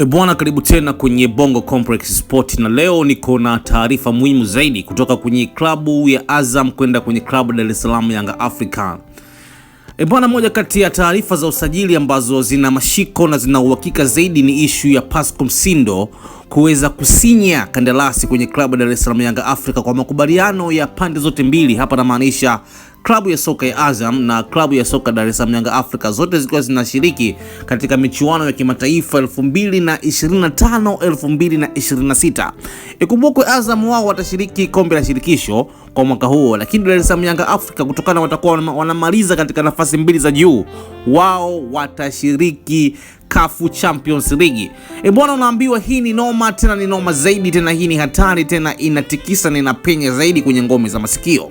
ebwana bwana, karibu tena kwenye Bongo Complex Sport, na leo niko na taarifa muhimu zaidi kutoka kwenye klabu ya Azam kwenda kwenye klabu Dar es Salaam Yanga africa E bwana, moja kati ya taarifa za usajili ambazo zina mashiko na zina uhakika zaidi ni ishu ya Pascal Msindo kuweza kusinya kandarasi kwenye klabu ya Dar es Salaam Yanga Africa kwa makubaliano ya pande zote mbili, hapa namaanisha klabu ya soka ya Azam na klabu ya soka Dar es Salaam Yanga Africa zote zikiwa zinashiriki katika michuano ya kimataifa 2025 2026. Ikumbukwe Azam wao watashiriki kombe la shirikisho kwa mwaka huo, lakini Dar es Salaam Yanga Africa kutokana watakuwa wanamaliza katika nafasi mbili za juu, wao watashiriki Kafu Champions League. E bwana, unaambiwa hii ni noma, tena ni noma zaidi, tena hii ni hatari, tena inatikisa na inapenya zaidi kwenye ngome za masikio.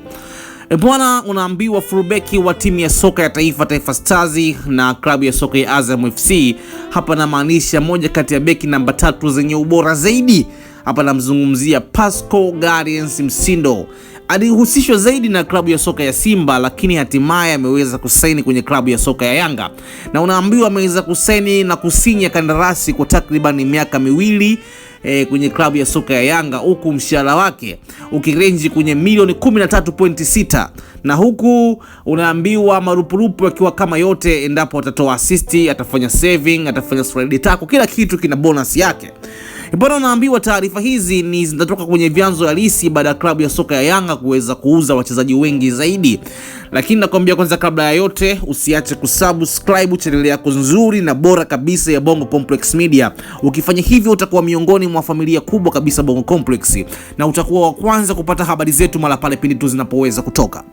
E, bwana, unaambiwa furubeki wa timu ya soka ya taifa Taifa Stars na klabu ya soka ya Azam FC, hapa namaanisha moja kati ya beki namba tatu zenye ubora zaidi. Hapa namzungumzia Pascal Guardians Msindo. Alihusishwa zaidi na klabu ya soka ya Simba, lakini hatimaye ameweza kusaini kwenye klabu ya soka ya Yanga, na unaambiwa ameweza kusaini na kusinya kandarasi kwa takribani miaka miwili e, kwenye klabu ya soka ya Yanga, huku mshahara wake ukirenji kwenye milioni 13.6 na huku unaambiwa marupurupu akiwa kama yote, endapo atatoa asisti, atafanya saving, atafanya slide tackle, kila kitu kina bonus yake. Bwana, naambiwa taarifa hizi ni zinatoka kwenye vyanzo halisi baada ya klabu ya soka ya Yanga kuweza kuuza wachezaji wengi zaidi, lakini nakwambia kwanza, kabla ya yote, usiache kusubscribe channel yako nzuri na bora kabisa ya Bongo Complex Media. Ukifanya hivyo, utakuwa miongoni mwa familia kubwa kabisa Bongo Complex, na utakuwa wa kwanza kupata habari zetu mara pale pindi tu zinapoweza kutoka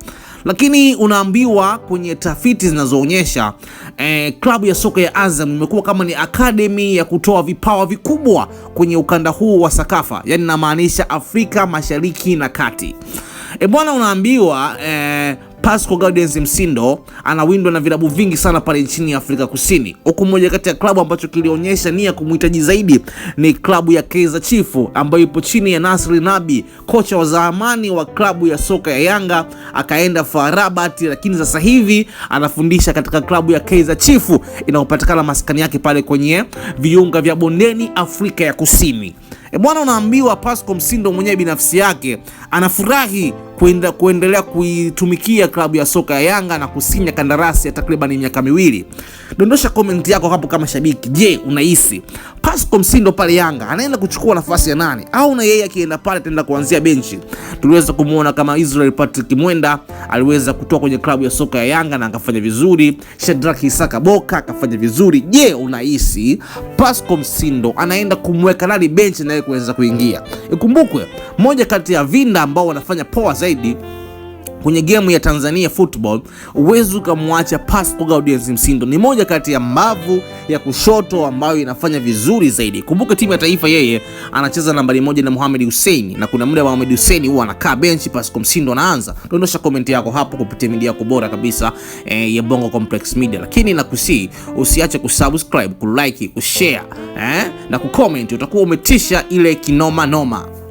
lakini unaambiwa kwenye tafiti zinazoonyesha eh, klabu ya soka ya Azam imekuwa kama ni akademi ya kutoa vipawa vikubwa kwenye ukanda huu wa Sakafa, yani namaanisha Afrika Mashariki na Kati. E bwana, unaambiwa eh, Pascal Gardens Msindo anawindwa na vilabu vingi sana pale nchini Afrika Kusini, huku moja kati ya klabu ambacho kilionyesha nia kumhitaji zaidi ni klabu ya Kaizer Chiefs ambayo ipo chini ya Nasri Nabi, kocha wa zamani wa klabu ya soka ya Yanga, akaenda Farabat, lakini sasa hivi anafundisha katika klabu ya Kaizer Chiefs inayopatikana maskani yake pale kwenye viunga vya bondeni Afrika ya Kusini. E bwana, unaambiwa Pascal Msindo mwenyewe binafsi yake anafurahi kuenda, kuendelea kuitumikia klabu ya soka ya Yanga na kusinya kandarasi ya takriban miaka miwili. Dondosha komenti yako hapo kama shabiki. Je, unahisi Pascal Msindo pale Yanga anaenda kuchukua nafasi ya nani, au na yeye akienda pale ataenda kuanzia benchi? Tuliweza kumwona kama Israel Patrick Mwenda aliweza kutoka kwenye klabu ya soka ya Yanga na akafanya vizuri. Shadrack Isaka Boka akafanya vizuri. Je, unahisi Pascal Msindo anaenda kumweka nani benchi na yeye kuweza kuingia? Ikumbukwe moja kati ya vinda ambao wanafanya poa zaidi kwenye gemu ya Tanzania football uwezi ukamwacha Pascal Gaudens Msindo. Ni moja kati ya mbavu ya kushoto ambayo inafanya vizuri zaidi. Kumbuka timu ya taifa yeye anacheza nambari moja na Mohamed Hussein, na kuna muda wa Mohamed Hussein huwa anakaa benchi, Pascal Msindo anaanza. Dondosha komenti yako hapo kupitia media yako bora kabisa e, ya Bongo Complex Media, lakini nakusii usiache kusubscribe, kulike, kushare eh, na kucomment. Utakuwa umetisha ile kinoma noma.